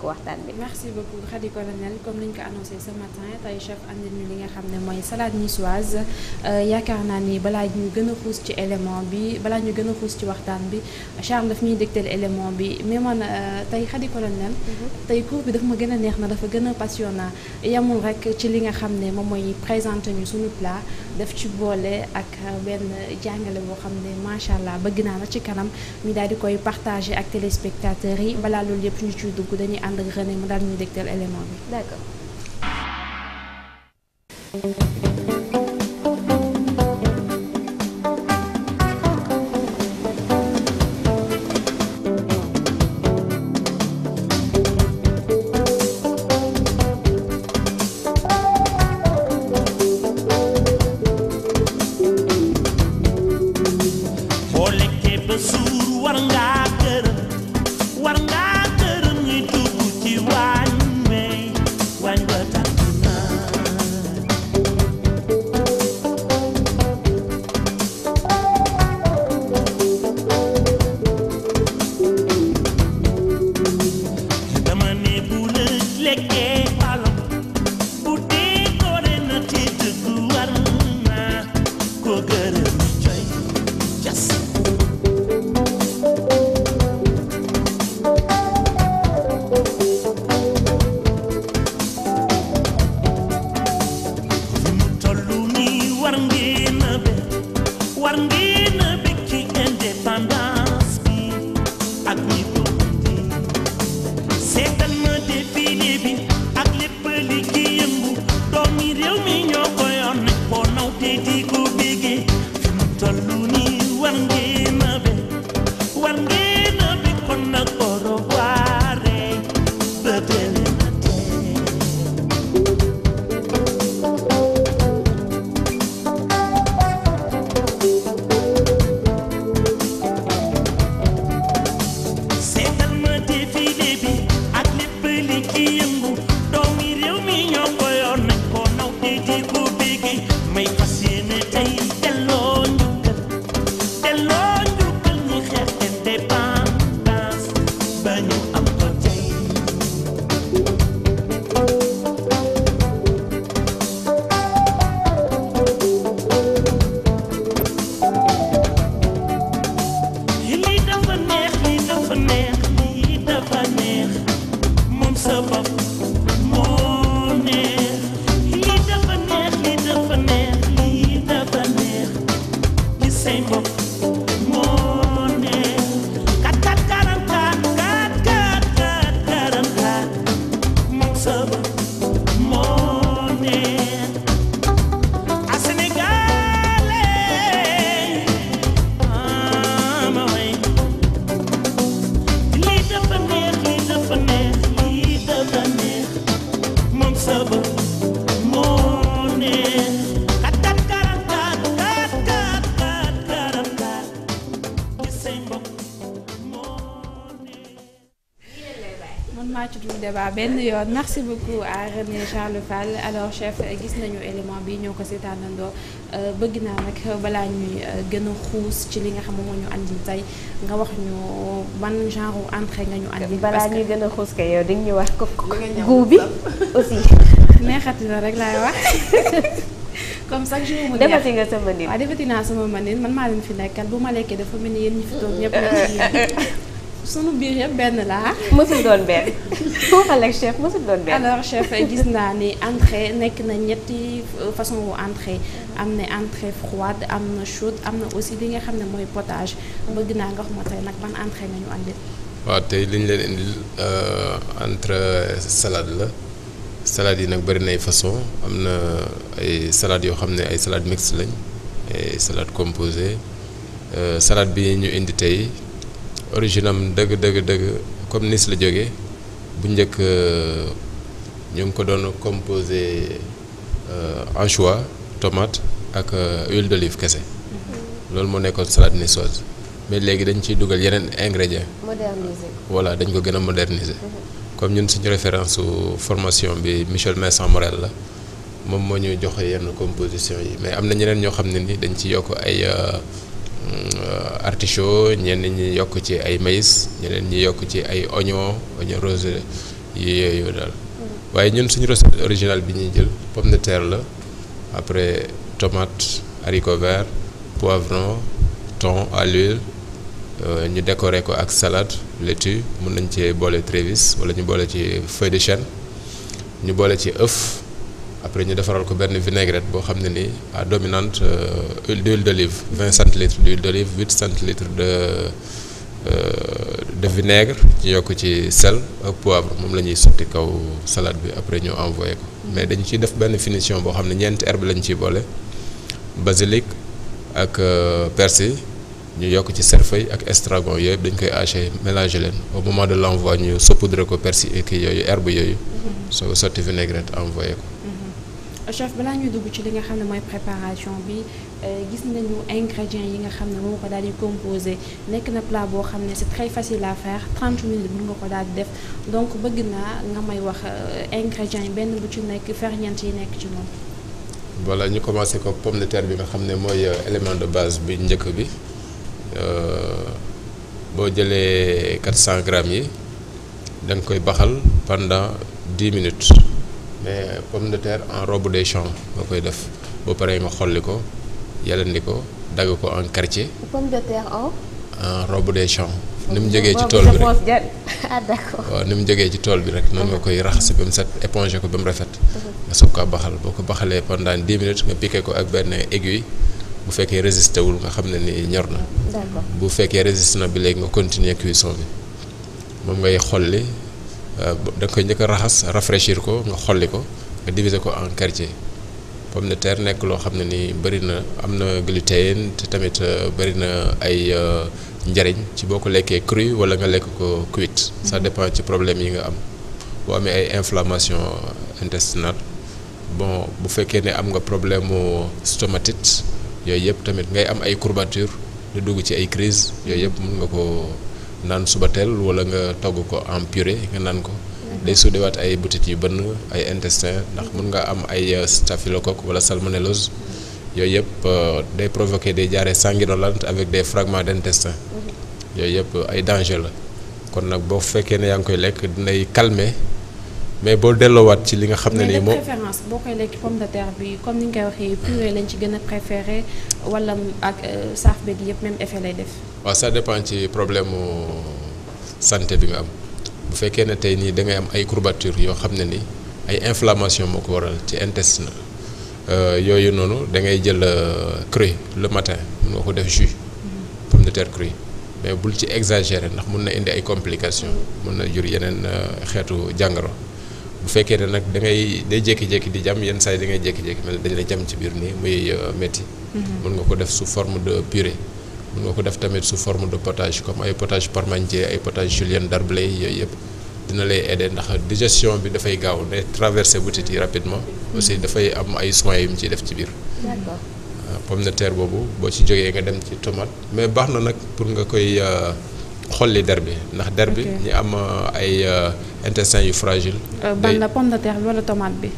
ko waxtaan bi. merci beaucoup Khady Colonel comme ni ko annoncé ce matin tey chef andi ñu li nga xam ne mooy salade niçoise euh, yaakaar naa ni balaa ñu gën a xuus ci élément bi balaa ñu gën a xuus ci waxtaan bi Charles daf ñuy dégtal élément bi mais man euh, tey Khady Colonel. Mhm. tey cours bi daf ma gën a neex na dafa gën a passionnant yamul rek ci li nga xam ne moom mooy présenté ñu suñu plat daf ci boole ak euh, benn jàngale boo xam ne macha allah bëgg naa la ci kanam ñu di koy partagé ak téléspectateurs yi balaa loolu yëpp ànd ak René mu daal ñuy dégtal élément bi. ngi na biki indépendance bi ak ñi di yëngu doomi réew mi ñoo ko yoon nañ ko naw te di ko bégi may fas yéene tey delloo njukkal delloo njukkal ñi xeex indépendance ba ñu am ko tey lii dafa neex lii dafa neex lii dafa neex sa bopp sabah waa benn yoon merci beaucoup à René Charles Fall alors chef gis nañu élément bi ñoo ko seetaanandoo euh, bëgg naa nag balaa ñuy euh, gën xuus ci li nga xam moom ñu andi tey nga wax ñu ban genre entrée nga ñu andi. balaa ñuy gën a xuus kay yow di ñu wax ko goût bi aussi. neexati na rek laa wax. comme chaque jour mu neex defati nga sama mënin. Ah, waaw man maa leen fi nekkal bu ma lekkee dafa mel ni yéen ñi fi toog ñëpp la ci sunu biir yëpp benn laa. mësul doon benn waxal chef mësul gis naa ni entrée nekk na ñetti euh, façon wu entrée am na entrée froide am na chaude am na aussi li nga xam ne mooy potage bëgg naa nga wax tey nag ban entrée nga ñu waaw tey li leen indil euh, entre salade la salade yi nag bari nay façon am na ay salades yoo xam ne ay salades mixtes lañ ay salades composées euh, salade bi ñu indi tey. origine am dëgg dëgg dëgg comme Nice la jógee bu njëkk euh, ñu ngi ko doon composé anchois euh, tomate ak euh, huile d'olive kese mhm. loolu moo nekkoon salade niçoise mais léegi dañ ciy dugal yeneen ingrédients. modernisé voilà dañ ko gën a modernisé. Mhm. comme ñun suñu référence su formation bi Michel Vincent Morel la moom moo ñu joxe yenn composition yi mais am na ñeneen ñoo xam ne ni dañ ci yokk ay. Euh, artichaut ñenn ñi yokk ci ay maïs ñeneen ñi yokk ci ay oignon oignon rosé yooyu daal mm. waaye ñun suñu recette originale bi ñuy jël pomme de terre la après tomate haricot vert poivron ton à l'huile euh, ñu décorer ko ak salade laitue mën nañ ci boole trévis wala ñu boole ci feuille de chêne ñu boole ci œuf après ñu defaral ko benn vinaigrette boo xam ne ni à dominante euh, huile d'huile d'olive vingt centilitres d'huile d'olive huit centilitres de euh, de vinaigre ñu yokk ci sel ak poivre moom la ñuy sotti kaw salade bi après ñu envoyé ko mais dañu ciy def benn finition boo xam ne ñeenti herbe lañ ciy boole basilic ak euh, persil ñu yokk ci cerfeuil ak estragon yooyu dañ koy haché mélangé leen au moment de l'envoi ñu saupoudré ko persil et kii yooyu herbe yooyu mhm. soo sotti vinaigrette envoyé chef balaa ñuy dugg ci li nga xam ne mooy préparation bi euh, gis nañu ingrédients yi nga xam ne moom ko daal di composé nekk na plat boo xam ne c'est très facile à faire 30 minutes nga ko daal def donc bëgg naa nga may wax euh, ingrédients yi benn bu ci nekk ferñeent yi nekk ci moom. voilà ñu commencé ko pomme de terre bi nga xam ne mooy euh, élément de base bi njëkk bi boo jëlee 400 grammes yi da koy baxal pendant 10 minutes. mais eh, pomme de terre en robe des champs nga koy def ba pare ma xolli ko yelandi ko dagg ko en quartier. pomme de terre en. en robe champs. ni mu jógee ci tool bi rek ah, waaw ni mu jógee ci tool bi rek noonu nga koy raxas ba mu set éponger ko ba mu rafet. nga soog ko baxal boo ko baxalee pendant dix minutes nga piqué ko ak benn aiguille. bu fekkee résisté wul nga xam ne ni ñor na. bu fekkee résisté na bi léegi nga continuer cuisson bi moom ngay xolli. Euh, da nga koy njëkk raxas rafraîchir ko nga xolli ko nga diviser ko en quartier pomme de terre nekk loo xam ne ni bëri na am na gluten te tamit euh, bëri na ay euh, njariñ ci boo ko lekkee cru wala nga lekk ko cuite ça mhm. dépend ci problème yi nga am boo amee ay inflammation intestinale bon bu fekkee ne am nga problème mu stomatite yooyu yëpp tamit ngay am ay courbature di dugg ci ay crise yooyu yëpp mën nga ko naan suba teel wala nga togg ko en purée nga naan ko. day suudewaat ay butit yu bënn ay intestin ndax mën nga am ay euh, staphylocoque wala salmonellose yooyu yëpp euh, day provoquer des diarrhées sanguinolentes avec des fragments d'intestin mm-hmm. yooyu yëpp ay danger la kon nag boo fekkee ne yaa ngi koy lekk dinay calmer mais boo delloowaat ci li nga xam ne nii moom préférence boo koy lekk pomme de terre bi comme ni nga waxee purée lañ ci gën a préféré wala ak euh, saaf beeg yëpp même effet lay def. waaw ça dépend ci problème mu santé bi nga am bu fekkee ne tey nii da ngay am ay courbature yoo xam ne ni ay inflammation moo ko waral ci intestin euh, yooyu noonu da ngay jël euh, cru le matin mun nga ko def jus mm-hmm. pomme de terre crue mais bul ci exagérer ndax mun na indi ay complication mm-hmm. mun na jur yeneen xeetu jàngaro fekkee ne nag da ngay day jékki-jékki di jam yenn saa yi da ngay jékki-jékki mel dañ lay jam ci biir nii muy euh, métti. Mhm. mën nga ko def su forme de purée. mën nga ko def tamit su forme de potage comme ay potage parmentier ay potage julienne d'Arblay yooyu yëpp dina lay aider ndax digestion bi dafay gaaw ne traverser butit yi rapidement. Mhm. aussi dafay am ay soins yu mu ciy def ci biir. d'accord ah, pomme de terre boobu boo ci jógee nga dem ci tomate mais baax na nag pour nga koy. Euh, xolli der bi ndax der bi ñi am euh, ay euh, intestin yu fragile. Euh, ban la pomme de terre bi wala tomate bi.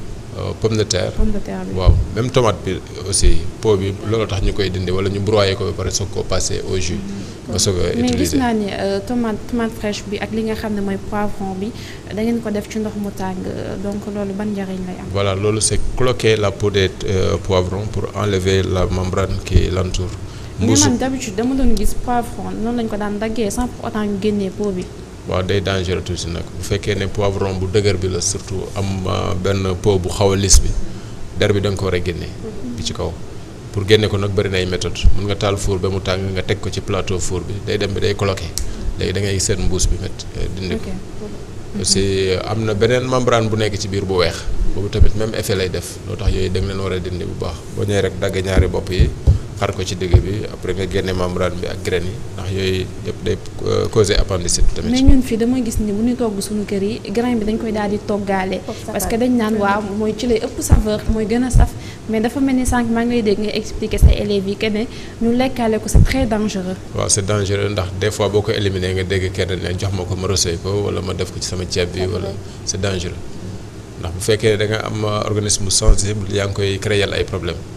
pomme de terre bi waaw même tomate bi aussi pot bi loolu tax ñu koy dindi wala ñu broyer ko ba pare soog koo passer au jus. Mm-hmm. ba soog a utiliser mais tomate tomate fraîche bi ak li nga xam ne mooy poivron bi da ngeen ko def ci ndox mu tàng donc loolu ban njariñ lay am. voilà loolu c'est cloquer la peau des poivrons pour enlever la membrane qui l'entoure mbuus mais man dama doon gis poivron noonu lañ ko daan daggee sans pour autant ñu génnee bi. waaw day dangereux tuuti nag bu fekkee ne poivron bu dëgër bi la surtout am euh, benn peau bu xaw a lis bi der bi da ko war a génne. Mhm. bi ci kaw pour génne ko nag bëri na ay méthode mun nga taal four ba mu tàng nga teg ko ci plateau four bi day dem bi day cloqué léegi da ngay seet mbuus bi met euh, dindi ko. aussi am na beneen membrane bu nekk ci biir bu weex. boobu tamit même efe lay def loo tax yooyu da nga leen war a bu baax boo ñëwee rek dagg ñaari bopp yi. xar ko ci digg bi après nga génne membrane bi ak graine yi ndax yooyu yëpp day euh, causer appendicite tamit. mais ñun fii dama gis ni bu ñu togg suñu kër yi graine bi dañ koy daal di toggaale. parce que dañ naan waaw mooy ci lay ëpp saveur mooy gën a saf. mais dafa mel ni sànq maa ngi lay dégg nga expliquer sa élèves yi que ne ñu lekkaale ko c'est très dangereux. waaw c'est dangereux ndax des fois boo ko éliminer nga dégg kenn ne jox ma ko ma rosé ko wala ma def ko ci sama ceeb bi wala c'est dangereux ndax bu fekkee da nga am organisme sensible yaa ngi koy créer ay problèmes.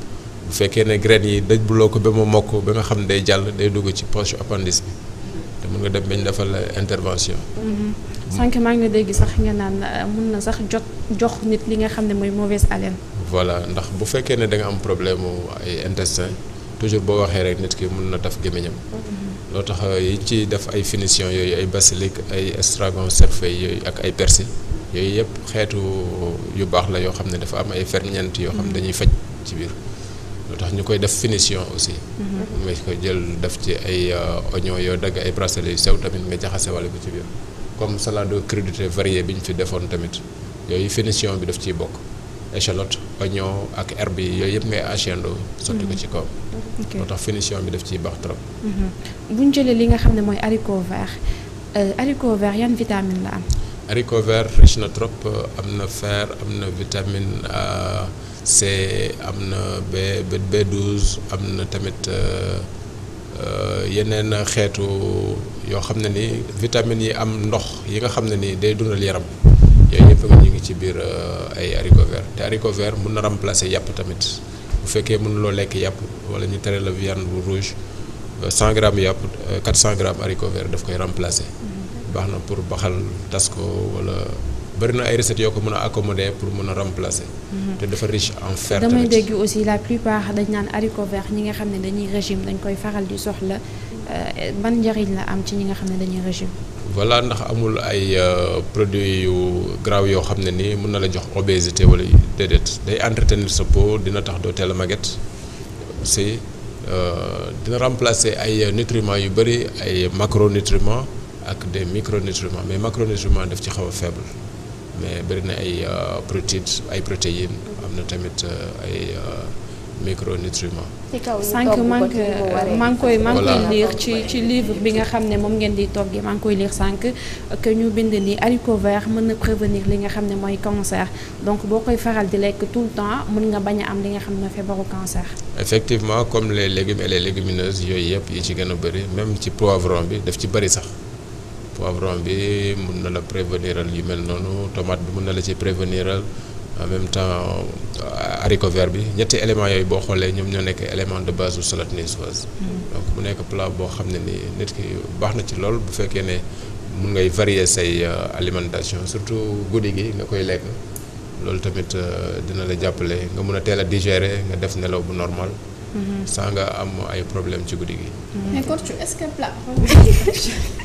bu fekkee ne graines yi daj buloo ko ba mu mokk ba nga xam ne day jàll day dugg ci poche appendice bi te mën nga dem bañ defal intervention. Mm-hmm. sànq maa ngi dégg sax nga naan euh, mën na sax jot jox nit li nga xam ne mooy mauvaise haleine. voilà ndax bu fekkee ne da am problème mu ay intestin toujours boo waxee rek nit ki mun na taf gémmiñam. Mm-hmm. loo tax euh, yi ci def ay finition yooyu ay basilic ay estragon cerfeuil yooyu ak ay persil yooyu yëpp xeetu yu baax la yoo xam ne dafa am ay ferñeent yoo xam ne mm-hmm. dañuy faj ci biir. lu tax ñu koy def finition aussi. nga mhm. koy jël def ci ay euh, oignon yoo dagg ay bracelet yu sew tamit nga jaxase wala ko ci biir comme salade crudité variée bi ñu fi defoon tamit yooyu finition bi def ciy bokk échalote oignon ak herbe yi yooyu yëpp ngay haché-ndoo sotti ko mhm. ci kaw. moo tax finition bi def ciy baax trop. Mhm. buñ ñu li nga xam ne mooy haricot vert euh, haricot vert yan vitamine la am. haricot vert na trop euh, am na fer am na vitamine. C am na B B12 am na tamit euh, euh, yeneen xeetu yoo xam ne ni vitamines yi am ndox yi nga xam ne ni day dundal yaram yooyu yëpp ñu ngi ci biir euh, ay haricots verts te haricots mun na remplacer yàpp tamit bu fekkee loo lekk yàpp wala ñu tere la viande bu rouge 100 grammes yàpp 400 grammes haricots verts daf koy remplacer. baax na pour baxal tas ko wala bëri na ay recettes yoo ko mun a accommoder pour mën a remplacer. Mhm. te dafa riche en fer damay dégg aussi la plupart dañ naan haricot vert ñi nga xam ne dañuy régime dañ koy faral di soxla euh, ban njëriñ la am ci ñi nga xam ne dañuy régime voilà ndax amul ay euh, produits yu graw yoo xam ne ni mën na la jox obésité wala déedéet day entretenir sa peau dina tax doo teel a màgget si euh, dina remplacer ay nutriments yu bëri ay macronutriments ak des micronutriments mais macronutriments daf ci xaw a faible mais bëri na ay euh, protéines ay protéines am na tamit euh, ay euh, micronutriments. ci kaw sànq maa ngi maa ngi koy maa ngi ci ci livre bi nga xam ne moom ngeen di toggee maa ngi koy lire sànq que ñu bind ni haricot mën na prévenir li nga xam ne mooy cancer donc boo koy faral di lekk tout le temps mën nga bañ a am li nga xam ne feebaru cancer. effectivement comme les légumes et les légumineuses yooyu yëpp yi ci gën a bëri même ci poivron bi daf ci bëri sax. poivron bi mun na la préveniral yu mel noonu tomate bi mun na la ci préveniral en même temps euh, haricot vert bi ñetti éléments yooyu boo xoolee ñoom ñoo nekk élément de base bu salade niçoise mm. donc mu nekk plat boo xam ne ni nit ki baax na ci lool bu fekkee ne mun ngay varier say euh, alimentation surtout guddi gi nga koy lekk loolu tamit euh, dina la jàppale nga mun a teel a digérer nga def nelaw bu normal. Mm-hmm. sans nga am ay problème ci guddi gi. Mm-hmm.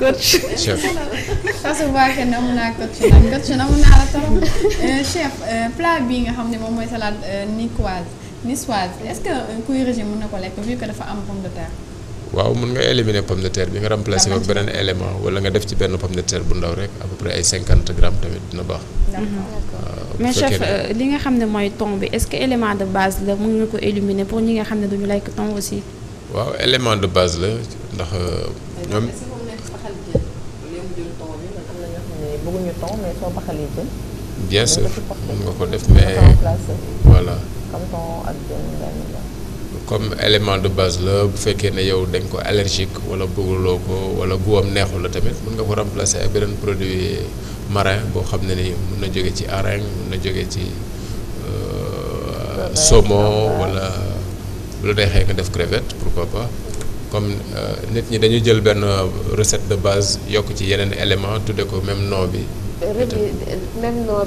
coach. Eh, chef eh, Fatou Mbacke namm naa naa la chef plat bii nga xam ne moom mooy salade eh, niçoise niçoise est-ce que kuy régime mën na ko lekk vu que dafa am pomme de terre. waaw mun nga éliminer pomme de terre bi nga remplacer ko beneen élément wala nga def ci benn pomme de terre bu ndaw rek à peu près ay cinquante grammes tamit dina baax. mais chef euh, li nga xam ne mooy thon bi est-ce que élément de base la mun nga ko éliminer pour ñi nga xam ne duñu lekk thon aussi. waaw élément de la ndax euh, bëgguñu ton mais soo baxalee jën. bien sûr mën nga ko def mais voilà. comme ton élément de base la bu fekkee ne yow dañ ko allergique wala bëgguloo ko wala guwam neexu la tamit mën nga ko remplacer ay beneen produit marin boo xam ne ni mën na jóge ci hareng mën na jóge ci euh, saumon walla lu neexee nga def crevette pourquoi pas. comme euh, nit ñi dañu jël benn euh, recette de base yokk ci yeneen élément tudde ko même nom bi même nom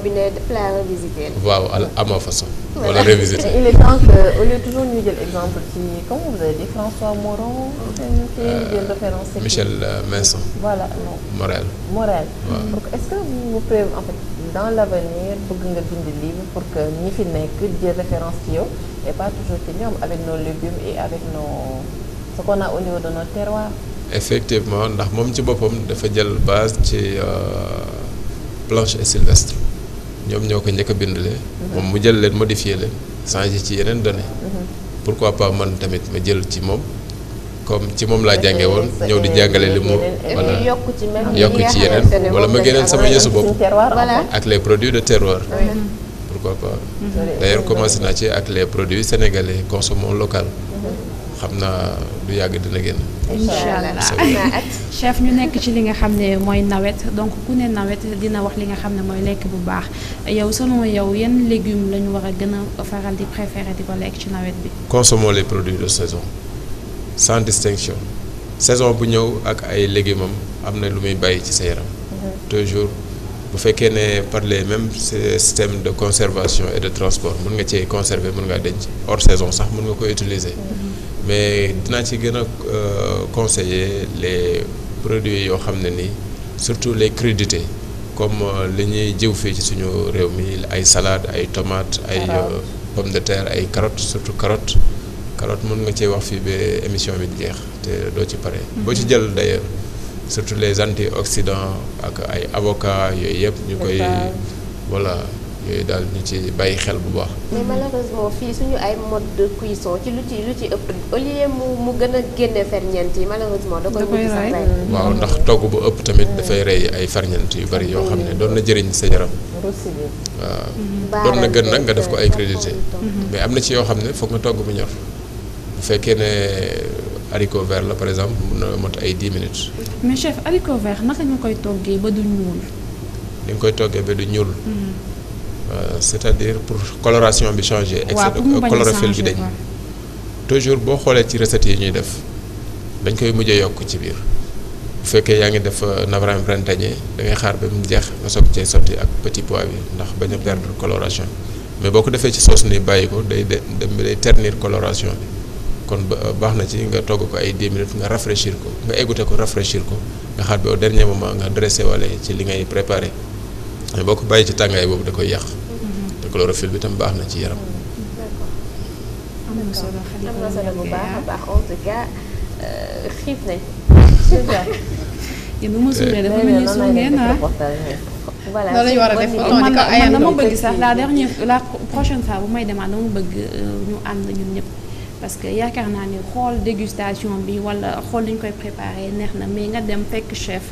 ama façon wala revisité il est temps au lieu toujours ñu jël exemple ci comment vous avez François Moron jël référence voilà non Morel Morel donc est-ce que vous pouvez en fait dans l'avenir bëgg nga bind livre pour que ñi fi nekk jël référence ci yow et pas toujours ci ñoom avec nos légumes et avec nos effectivement ndax moom ci boppam dafa jël base ci euh, Planche et Sylvestre ñoom ñoo ko njëkk a bindalee. Mhm. moom mu jël leen modifier leen changer ci yeneen données. Mhm. pourquoi pas man tamit ma jël ci moom comme ci moom laa jànge woon ñëw di jàngale li mu. voilà yokk ci yeneen wala ma génneel sama yësu bopp ak les produits de terroir. pourquoi pas. d'ailleurs commencé naa ci ak les produits sénégalais consommons local. xam naa lu yàgg dina génn. incha allah chef ñu nekk ci li nga xam ne mooy nawet donc ku ne nawet dina wax li nga xam ne mooy lekk bu baax yow selon yow yan légumes la ñu war a gën a faral di préférer di ko lekk ci nawet bi. consommons les produits de saison sans distinction saison bu ñëw ak ay légumes am na lu muy bàyyi ci sa yaram. toujours mhm. bu fekkee ne par les mêmes systèmes de conservation et de transport mën nga cee conserver mën ngaa denc hors saison sax mën nga ko utiliser. Mhm. mais dinaa ci gën a euh, conseiller les produits yoo xam ne ni surtout les crudités comme euh, li ñuy jiw fii ci suñu réew mi ay salade ay tomate ay euh, pomme de terre ay carotte surtout carotte carotte mën nga cee wax fii ba émission bi jeex te doo ci pare mhm. boo ci jël d'ailleurs surtout les antioxydants ak ay avocat yooyu yëpp ñu koy voilà daal ñu ci bàyyi xel bu baax. mais malheureusement fii suñu ay mode de cuisson ci lu ci ëpp au lieu mu mu gën a génne ferñeent yi malheureusement. da koy rey waaw ndax togg bu ëpp tamit mm. dafay rey ay ferñeent yu bari yoo xam ne mm. doon na jëriñ sa jaram waaw doon na gën nag nga def ko ay crédité. Mm-hmm. mais am na ci yoo xam ne foog nga togg bu ñor bu fekkee ne. haricot la par exemple mun na mot ay 10 minutes. mais chef haricot koy toggee nga koy toggee ba du ñuul. Euh, c'est-à-dire pour coloration bi changer. waaw pour chlorophylle bi dañ. toujours boo xoolee ci recettes yi ñuy def dañ koy mujje yokk ci biir bu fekkee yaa ngi def euh, navrame printanier da xaar ba mu jeex nga soog cee sotti ak petit pois bi ndax bañ a perdre coloration mais boo ko defee ci sauce ni bàyyi ko day dem day ternir coloration bi kon euh, baax na ci nga togg ko ay 10 minutes nga rafraîchir ko nga égoutté ko rafraîchir ko nga xaar ba au dernier nga dressé wala ci li ngay préparé mais boo bàyyi ci tàngaay boobu da koy yàq. chlorophylle bi tam baax na ci yaram. am na bu baax a bu ma suulee dafa mel ah. a def la dernière la bu may demaat dama bëgg euh, ñu ànd ñun ñëpp. parce que yaakaar naa ni xool dégustation bi wala xool li ñu koy préparé neex na mais nga dem fekk chef.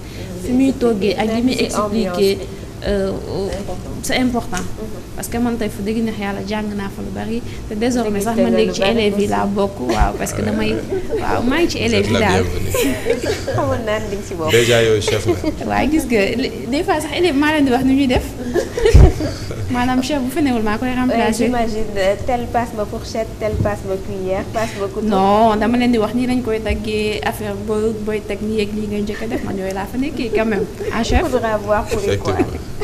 fi muy toggee ak li muy expliqué. Euh, c'est important parce que man tey fu dëgg neex yàlla jàng naa fa lu bari te désormais sax ma léegi ci élèves yi laa bokk waaw parce que damay waaw maa ngi ci élèves yi daal xamoon gis nga des fois sax élèves maa leen di wax ni ñuy def maanaam chef bu fi newul maa koy remplacer. Eh, j'imagine euh, tel passe ba fourchette tel passe ma cuillère passe ma couteau. non dama leen di wax nii lañ koy daggee affaire booy booy teg nii ak lii ngay njëkk def man yooyu laa fa nekkee quand même. en ah, chef faudra voir pour y